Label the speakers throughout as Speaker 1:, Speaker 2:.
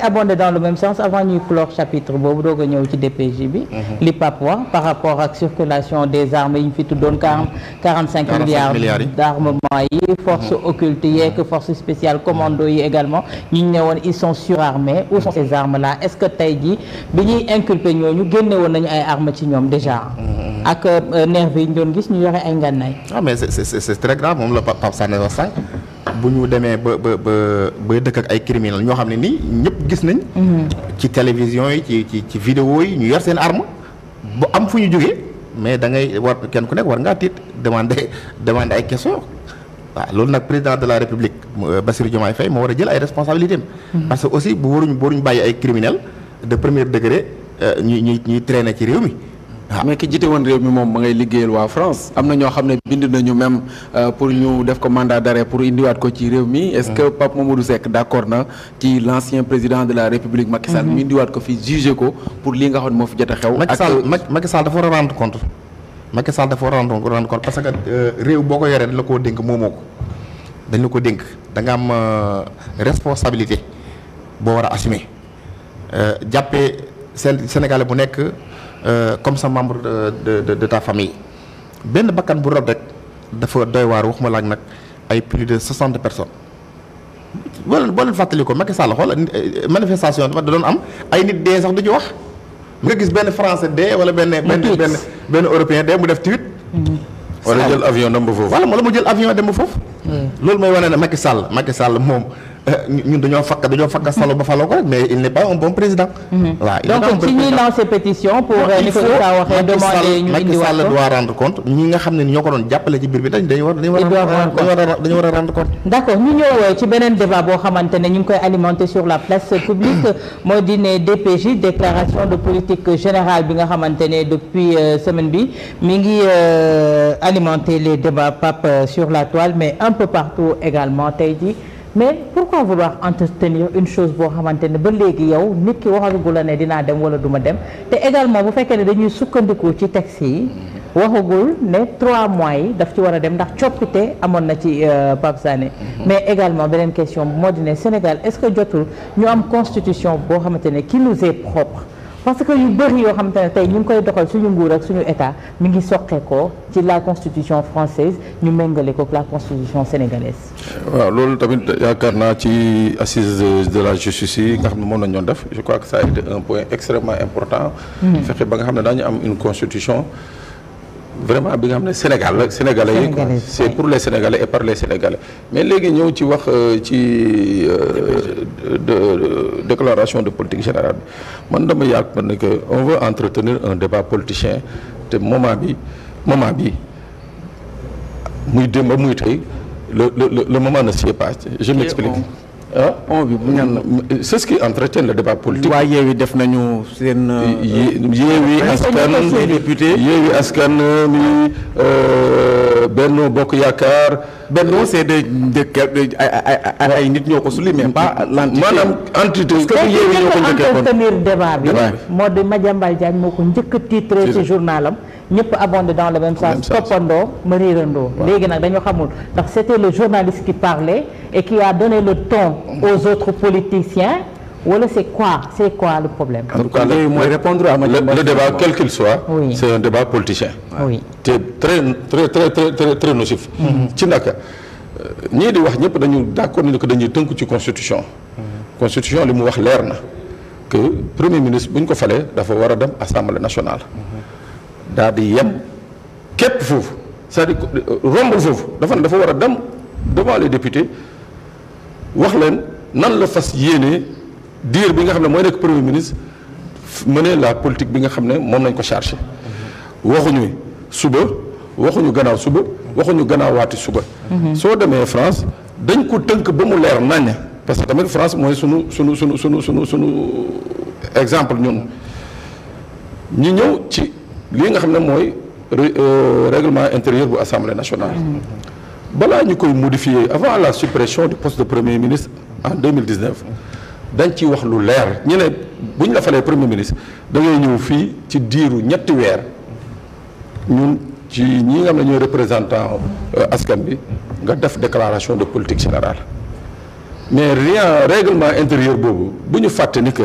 Speaker 1: damay dans le même sens avant ñuy clore chapitre boobu doog a ñëw ci DPJ bi mhm. li Pape par rapport ak circulation des armes yi ñu fi tuddoon quarante quarante cinq milliards d'armement yi force mhm. occulte yeeg mhm. force spéciale commando yi également ñu ne woon ils sont surarmés où sont ces armes là est-ce que tey jii bi ñuy inculper ñooñu génne woon nañu ay armes ci ñoom déjà ak euh, nervi ñu doon gis ñu yore ay ngànnaay
Speaker 2: ah mais c'est très grave moom la Pape Sané wax sànq bu ñu demee ba ba ba ba dëkk ak ay criminel ñoo xam ne nii ñëpp gis nañ. Mm-hmm. ci télévision yi ci ci ci vidéo yi ñu yor seen arme bu am fu ñu jógee mais da ngay war kenn ku nekk war ngaa tiit demander demander ay questions. waaw loolu nag président de la république euh, Bassirou Diomaye Faye moo war a jël ay responsabilités mm-hmm. parce que aussi bu waruñ bu waruñ bàyyi ay criminel de premier degré euh, ñuy ñuy ñuy ci réew mi. Ah.
Speaker 3: mais ki jite woon réew mi moom ma ngay liggéeyal waa France am na ñoo xam ne bind nañu même euh, pour ñu def ko mandat d'arrêt pour indiwaat ko ci réew mi est-ce que mm. Pape Mamadou Seck d'accord na ci l'ancien président de la République Macky Sall ñu mm-hmm. indiwaat ko fi jugé ko pour lii nga xam ne moo fi jot a xew ak
Speaker 2: Macky Sall dafa war a rendre compte Macky Sall dafa war a rendre compte parce que euh, réew boo ko yoree dañ la koo dénk moomoo ko dañ la ko dénk da nga am euh, responsabilité boo war a assumer jàppee seen Sénégalais bu nekk Euh, comme sa membre de de de ta famille benn bakkan bu rob rek dafa doy waar waxuma laaj nag ay plus de soixante personnes. boo leen boo leen fàttali ko Macky Sall xool euh, manifestation dafa da doon am ay nit dee sax du ñu wax nga gis benn français dee wala benn. benn benn benn européen dee mu def tweet. Mm-hmm.
Speaker 3: wala jël avion dem ba foofu. wala
Speaker 2: mu jël avion dem ba foofu. Mm. loolu mooy wane ne Macky Sall Macky Sall moom. Eh, ñun dañoo fakk dañoo fakk salo ba faloo ko rek mais il n'est pas un bon président. Mhm. Euh, waaw ñi nga xam ne ñoo ko doon jàppale ci biir bi dañ dañu war a rendre compte.
Speaker 1: d' accord ñu ñëw euh, ci beneen débat boo xamante ne ñu ngi koy alimenter sur la place publique moo di ne DPJ déclaration de politique générale bi nga xamante ne depuis euh, semaine bi mi ngi alimenter les débats Pape sur la toile mais un peu partout également tey jii. mais pourquoi vouloir entretenir une chose boo xamante ne ba léegi yow nit ki waxagu la ne dinaa dem wala duma dem te également bu fekkee ne dañuy sukkandiku ci texte yi waxagul ne trois mois yi daf ci war a dem ndax coppite amoon na ci euh, Pape Sané mm-hmm. mais également beneen question moo di Sénégal est-ce que jotul ñu am constitution boo xamante ne qui nous est propre parce que yu bëri yoo xamante ne tey ñu ngi koy doxal suñu nguur ak suñu état mi ngi soqeekoo ci la constitution française ñu méngale ko la constitution sénégalaise.
Speaker 3: waaw loolu tamit yaakaar naa ci assise de la justice yi nga xam ne moom la ñu def je crois que ça a été un point extrêmement important. Mm. fexe ba nga xam ne daañu am une constitution. vraiment bi nga xam ne Sénégal la yi quoi c'est pour les sénégalais et par les sénégalais mais léegi ñëw ci wax euh, ci euh, déclaration de politique générale bi man dama yàgg man ne que on veut entretenir un débat politicien te moment bi moment bi muy démb muy tey le le le moment ne s'y est je m'explique ah on bi bu ñan la c'est ce qui entretient le débat politique. waa Yewwi def nañu seen. Euh, Yewwi askan Yewwi askan euh, mi Benno Bokk Yaakaar. Benno c'est de de ay nit ñoo ko suli mais pas l'entité. maanaam entité parce que Yewwi ñoo ko njëkkee kon.
Speaker 1: débat bi. moo di njëkk a ci journal ñëpp abondé dans le même sens toppandoo ma réerandoo léegi nag dañoo xamul ndax c'était le journaliste qui parlait et qui a donné le ton aux autres politiciens wala c'est quoi c'est quoi le problème. en tout cas
Speaker 3: le, débat quel qu'il soit. c'est un débat politicien. te très très très très nocif. Mm-hmm. ci naka euh, ñii di wax ñëpp dañu d'accord ni que dañuy tënku ci constitution. Mm-hmm. constitution li mu wax leer na que premier ministre bu ñu ko falee dafa war a dem assemblée nationale. Mm-hmm. état bi yem képp foofu c'est-à-dire euh, rombul foofu dafa ne dafa war a dem devant les députés wax leen nan la fas yéenee diir bi nga xam ne mooy nekk premier ministre mener la politique bi nga xam ne moom nañ ko chargé waxuñu suba waxuñu gannaaw suba waxuñu gannaawaati suba mhm. soo demee France dañ ko tënk ba mu leer nañ parce que tamit France mooy sunu sunu sunu sunu sunu sunu exemple ñun ñu ñëw ci lii nga xam ne mooy euh, règlement intérieur bu assemblée nationale. balaa ñu koy modifier avant la suppression du poste de premier ministre en 2019 dañ ci wax lu leer ñu ne bu ñu la falee premier ministre da ngay ñëw fii ci diiru ñetti weer ñun ci ñi nga xam ne ñooy représentant euh, askan bi nga def déclaration de politique générale mais rien règlement intérieur boobu bu ñu fàtte ni que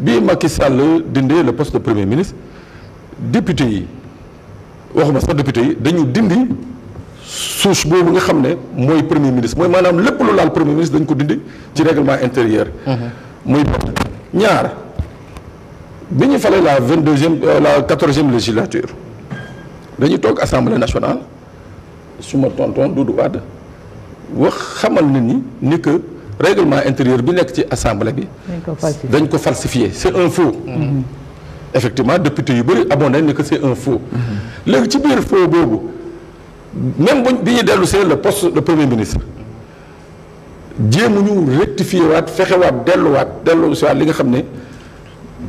Speaker 3: bii Macky Sall dindee la poste de premier ministre. député yi waxuma sax député yi dañu dindi souche boobu nga xam ne mooy premier ministre mooy maanaam lépp lu laal premier ministre dañ ko dindi ci règlement intérieur mhm. muy benn ñaar bi ñu falee la vingt deuxième euh, la quatorzième législature dañu toog assemblée nationale su ma tonton Doudou Wade wax xamal nit ñi ni que règlement intérieur bi nekk ci assemblée bi dañ ko falsifié c'est un faux mhm. effectivement député yu bëri abonné nañ ne que c'est un faux. léegi ci biir faux boobu même buñ bi ñuy dellu see le poste de premier ministre jéemuñu rectifier waat fexewaat delluwaat dellu si waat li nga xam ne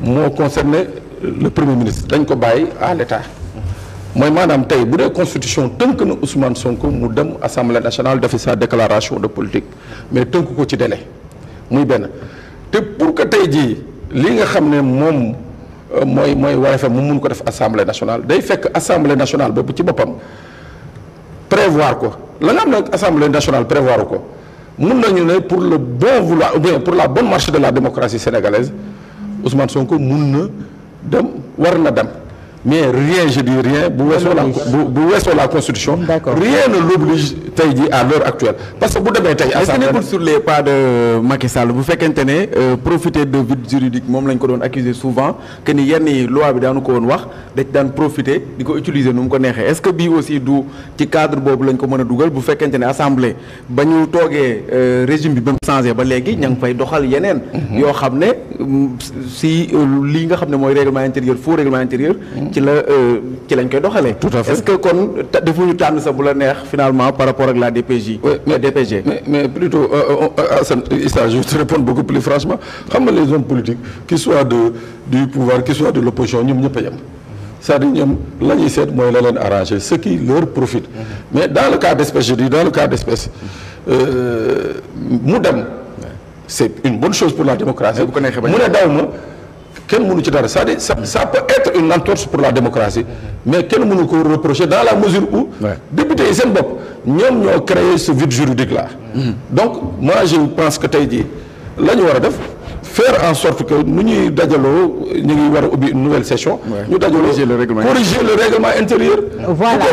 Speaker 3: moo concerné le premier ministre dañ ko bàyyi à l'état mooy maanaam tey bu dee constitution tënk na Ousmane Sonko mu dem assemblée nationale defi sa déclaration de politique mais tënk ko ci délai muy benn te pour que tey jii li nga xam ne moom. mooy mooy wareefam mu mun ko def assemblée nationale day fekk assemblée nationale boobu ci boppam prévoir ko la ne assemblée nationale prévoir ko mun nañu ne pour le bon vouloir ou bien pour la bonne marché de la démocratie sénégalaise Ousmane Sonko mun na dem war na dem. mais rien je dis rien bu weesoo la bu bu la constitution rien ne l'oblige tey jii à l'heure actuelle parce que bu demee tey est-ce que nekkul euh, Sall bu fekkente ne euh, profiter de vide juridique moom lañ ko doon accuser souvent que ni yenn yi loi bi daanu ko woon wax dañ daan profiter di ko utiliser nu mu ko neexee est-ce que bii aussi du ci cadre boobu lañ ko mën a dugal bu fekkente ne assemblée ba ñu toogee euh, régime bi ba mu changé ba léegi ña ngi fay doxal yeneen mhm. yoo xam ne mm, si lii nga xam ne mooy règlement intérieur faux règlement intérieur mhm. ci la euh, ci lañ koy doxalee. tout à fait est-ce que kon defuñu tànn sa bu la neex finalement par rapport ak la DPJ. oui mais euh, DPG. mais mais plutôt Assane Issa je te réponds beaucoup plus franchement xam nga les hommes politiques qu'ils soient de du pouvoir qu'ils soient de l'opposition ñoom ñëpp a yem. cest ñoom la seet mooy la leen arranger ce qui leur profite. Mm-hmm. mais dans le cas d'espèce je dis dans le cas d'espèce euh, mu dem. c'est une bonne chose pour la démocratie. mu ne daw kenn mënu ci dara c'est-à-dire peut être une entorse pour la démocratie mais kenn mënu ko reprocher dans la mesure où député yi seen bopp ñoom ñoo créé ce vide juridique là mm-hmm. donc moi je pense que tey jii lañu ñu war a def faire en sorte que nu ñuy dajaloo ñu ngi war a ubbi une nouvelle session ñu dajaloo corriger le règlement intérieur voilà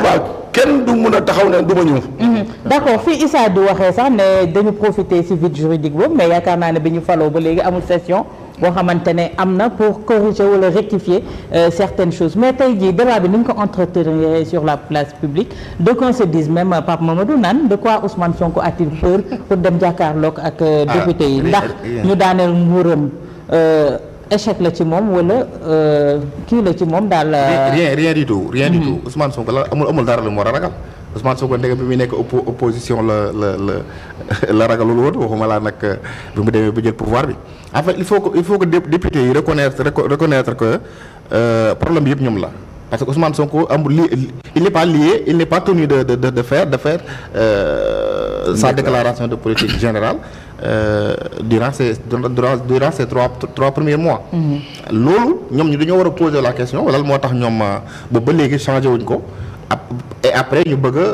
Speaker 3: kenn du mun a taxaw ne du ma ñëw.
Speaker 1: Mm-hmm. d' accord fii Issa du waxee sax ne dañu profiter ci vide juridique boobu mais yaakaar naa ne bi ñu faloo ba léegi amul session boo xamante ne am na pour corriger wala rectifier euh, certaines choses mais tey jii débat bi ni ñu ko entretenir sur la place publique donc on se dise même Pape Mamadou naan de quoi Ousmane Sonko a t peur pour dem jàkkaarloog ak euh, ah, député yi ndax ñu daaneel nguuram euh, échec la ci moom wala kii la ci moom daal. rien
Speaker 2: rien du tout rien du mhm. tout Ousmane Sonko la amul amul dara lu mu war a ragal Ousmane Sonko ndegam bi muy nekk opposition la la la. la ragalul woon waxuma laa nag euh, bi mu demee ba jël pouvoir bi en fait il faut que il faut que député yi reconnaître reconnaître que euh, problème bi yëpp ñoom la parce que Ousmane Sonko amul li il n'est pas lié il n'est pas tenu de de de faire de faire euh, sa déclaration de politique générale euh, durant ces durant durant ces trois trois premiers mois. Mhm. loolu ñoom ñu dañoo war a poser la question lan moo tax ñoom ba euh, ba léegi changé wuñ ko. et après ñu bëgg a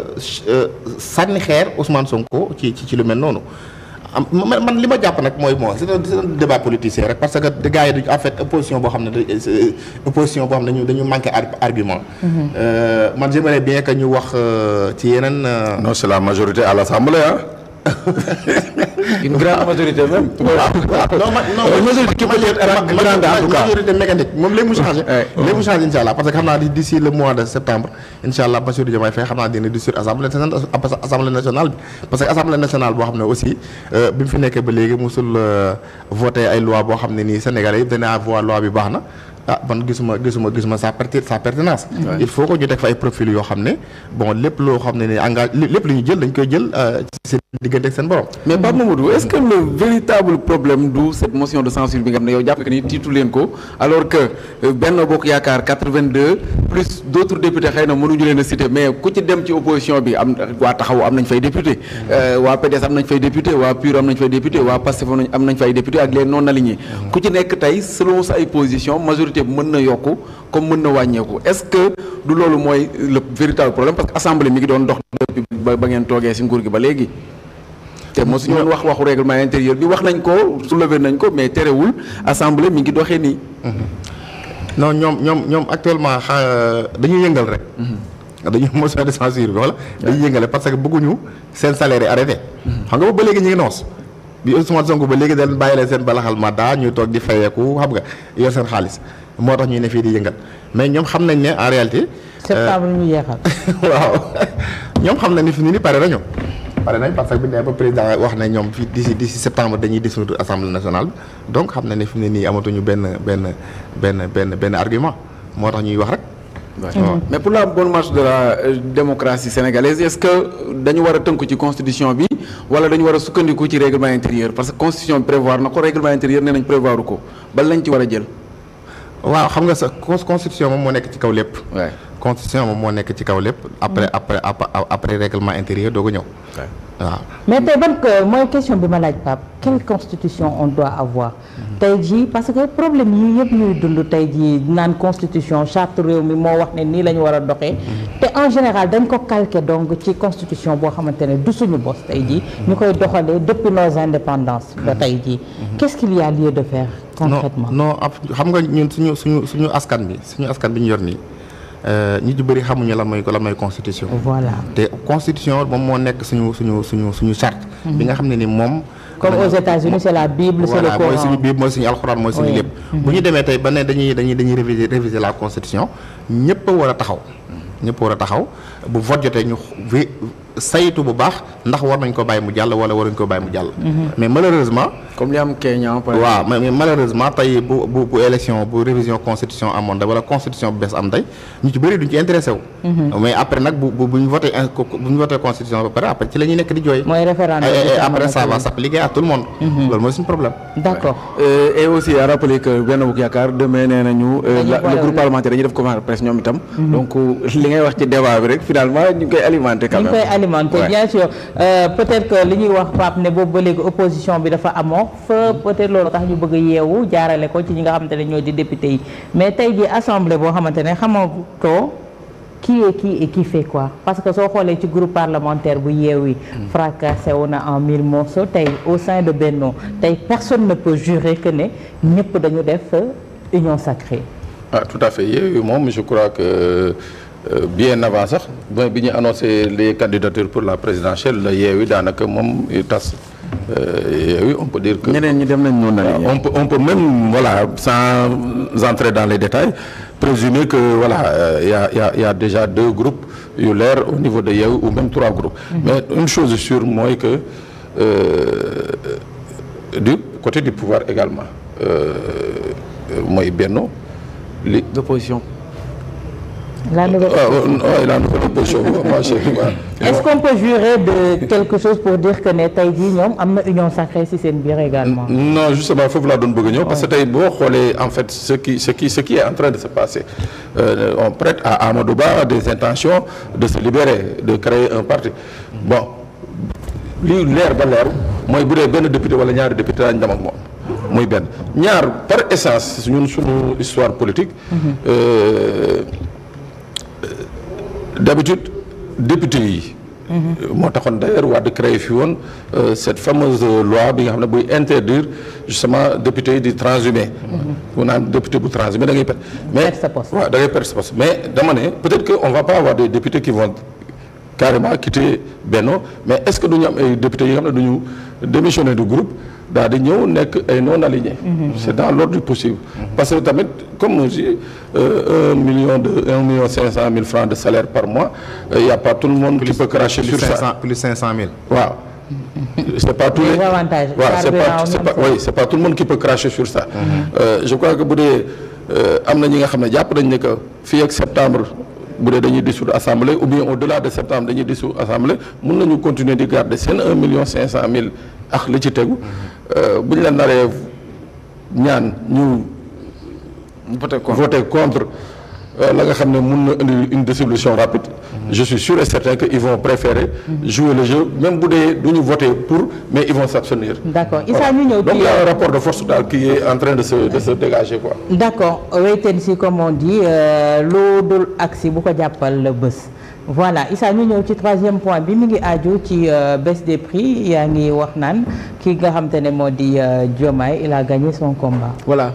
Speaker 2: euh, sànni xeer Ousmane Sonko ci ci lu mel noonu man li ma jàpp nag mooy bon c'est un débat politicien rek parce que gars yi duñu opposition boo xam ne opposition boo xam ne dañu manqué argument mm-hmm. euh, man j'aimerais bi que ñu wax euh, ci yeneen non c'est la majorité à l'Assemblée ah
Speaker 3: une grande majorité même. waaw non non majorité qui peut être grande en tout cas majorité
Speaker 2: mécanique moom léegi mu changé. léegi mu changé incha allah parce que xam naa d'ici le mois de septembre incha allah Bassirou Diomaye assemblée nationale bi. parce que assemblée nationale boo xam ne aussi euh, bi mu fi nekkee ba léegi musul euh, voté ay loi boo xam ne nii Sénégalais yëpp dañu naan loi bi baax na. ah man gisuma gisuma gisuma sa perti sa pertinence. il faut que ñu teg fa ay profil yoo xam ne bon lépp loo xam ne ne engage lépp lu ñu jël dañ koy jël euh, ci
Speaker 3: seen diggante ak seen borom. mais Pape Mamadou est-ce que le véritable problème du cette motion de censure bi nga xam ne yow jàpp que ni tiitu leen ko alors que euh, Benno Bokk Yaakaar 82 plus d'autres députés xëy na mënuñu leen a citer mais ku ci dem ci opposition bi am waa taxaw am nañ fay député euh, waa PDS am nañ fay député waa PUR am nañ fay mm-hmm. nekk ay position majorité activité mën na yokk comme mën na wàññeeku est-ce que du loolu mooy le véritable problème parce que assemblée mi ngi doon dox depuis ba ngeen toogee ci nguur gi ba léegi te moo suñu wax waxu règlement intérieur bi wax nañ ko soulever nañ ko mais terewul assemblée mi ngi doxee nii.
Speaker 2: Mm-hmm. non ñoom ñoom ñoom actuellement dañuy yëngal rek.
Speaker 3: dañu mm-hmm.
Speaker 2: dañuy motion de censure bi wala dañuy yëngale parce que bëgguñu seen salaire yi arrêté. Mm-hmm. xam nga ba léegi ñu ngi noos. bi Ousmane Sonko ba léegi dañ bàyyi leen seen balaxal ma daa ñuy toog di fayeeku xam nga yor seen xaalis. moo tax ñuy ne fii di yëngal mais ñoom xam nañ ne en réalité. Euh, septembre
Speaker 1: ñu yeexal.
Speaker 2: waaw ñoom xam nañ ne fi mu pare nañu pare nañ parce ba président wax ne ñoom fii d'ici d'ici septembre dañuy dissoudre assemblée nationale donc xam nañ ne fi mu ne nii amatuñu benn benn benn benn benn argument moo tax ñuy wax rek. Mmh.
Speaker 3: mais pour la bonne marche de la euh, démocratie sénégalaise est que dañu war a tënku ci constitution bi wala dañu war a sukkandiku ci règlement intérieur parce que constitution bi prévoir na ko règlement intérieur nee nañ prévoir ko bal lañ ci war a jël.
Speaker 2: waaw xam nga sax constitution moo nekk ci kaw lépp. constitution moo nekk ci kaw lépp. après mm-hmm. après après règlement intérieur doo ko ñëw. waaw
Speaker 1: mais tey ban euh, mooy question bi ma laaj Pape quelle mm. constitution on doit avoir. Mm-hmm. tey jii parce que problème yi yëpp ñuy dund tey jii naan constitution charte réew mi moo wax ne nii la ñu war a doxee. Mm-hmm. te en général dañ ko calqué donc ci constitution boo xamante ne du suñu bos tey jii.
Speaker 2: ñu koy doxalee depuis nos
Speaker 1: indépendances.
Speaker 2: tey jii qu'est-ce qu'il no non non xam nga ñun suñu suñu suñu askan bi suñu askan bi ñu yor nii euh, ñi ci bëri xamuñu la mooy la mooy constitution. voilà te constitution moom moo nekk suñu suñu suñu suñu charte. Mhm. bi nga xam ne ni moom. comme aux États-Unis c'est la Bible. c'est le Coran mooy suñu Bible mooy suñu alxuraan mooy suñu lépp. Mhm. bu ñu demee tey ba ne dañuy dañuy dañuy réviser réviser la constitution ñëpp a war a taxaw. ñëpp war a taxaw bu vote jotee ñu saytu bu baax ndax war nañ ko bàyyi mu jàll wala war nañ ko bàyyi mu jàll. mais malheureusement. comme li am Kenya par exemple. waaw mais malheureusement tey bu bu élection bu révision constitution amoon day wala constitution bu bees am mhm. mhm. day euh,
Speaker 3: nañu. Euh, mhm. koy alimenter quand argumente ouais. bien
Speaker 1: sûr euh, peut-être que li ñuy wax Pape ne boobu ba léegi opposition bi dafa amoo fa peut-être loolu tax ñu bëgg yeewu jaarale ko ci ñi nga xamante ne ñoo di député yi mais tey jii assemblée boo xamante ne xamatoo qui est qui et kii fait quoi parce que soo xoolee ci groupe parlementaire bu Yewwi mm. fracassé wu na en mille morceaux tey au sein de Benno tey personne ne peut jurer que ne ñëpp dañu def union sacrée
Speaker 3: ah tout à fait Yewwi moom je crois que euh, Euh, bien avant sax bi ñu annoncé les candidatures pour la présidentielle la Yewwi daanaka moom tas euh, Yewwi on peut dire que ñi dem nañ noonu la on peut même voilà sans entrer dans les détails présumer que voilà euh, y a y a y a déjà deux groupes yu leer au niveau de Yewwi ou même trois groupes mm-hmm. mais une chose sûre mooy que du côté du pouvoir également mooy Benno li d'opposition la nouvelle waaw ah, euh, la nouvelle
Speaker 1: est-ce qu'on peut jurer de quelque chose pour dire que ne tey jii am na union sacrée ci seen biir également.
Speaker 3: non justement foofu laa doon bëgg ñëw parce que tey boo xoolee en fait ce qui ce qui ce qui est en train de se passer euh, on à Amadou Ba des intentions de se libérer de créer un parti bon li leer ba leer mooy bu dee benn député wala ñaari député lañ dem ak moom. muy benn ñaar par essence ñun suñu histoire politique. Mm-hmm. Euh, d'habitude député yi. moo taxoon d'ailleurs Wade créé fi woon euh, cette fameuse euh, loi bi nga xam ne buy interdire justement député yi di transhumé. mu naan député bu transhumé da ngay perte. mais waaw da ngay perte sa mais dama peut-être que on va pas avoir des députés qui vont. carrément quitté Benno mais est-ce que du ñu am ay yi nga xam ne du ñu démissionné du groupe daal di ñëw nekk ay non alignés. Mhm. c'est dans l'ordre possible. Mhm. parce que tamit comme j'ai euh, un million de un million cinq cent mille francs de salaire par mois il euh, y a pas tout le monde qui peut cracher sur ça mhm. euh, je crois que bu dee am na ñi nga xam ne jàpp nañ ne que fii ak septembre. bu dee dañuy dissoudre assemblée ou bien au delà de septembre dañuy dissoudre assemblée mun nañu continuer di garder seen un million cinq cent mille ak li ci tegu euh, bu ñu la naree ñaan ñu voté contre Euh, la nga xam ne mën na une désolution rapide mhm. je suis sûr et certain que ils vont préférer mhm. jouer le jeu même bu dee du ñu voter pour mais ils vont s'abstenir
Speaker 1: d'accord Issa ñu ñëw donc il y a un
Speaker 3: rapport de force daal qui est en train de se dégager quoi
Speaker 1: d'accord weyteen si comme on dit euh, loo dul agsi bu ko jàppal la bés voilà Issa ñu ñëw ci troisième point bi mu ngi aju ci euh, baisse des prix yaa ngi wax naan ki nga xam te ne moo di Diomaye il a gagné son combat voilà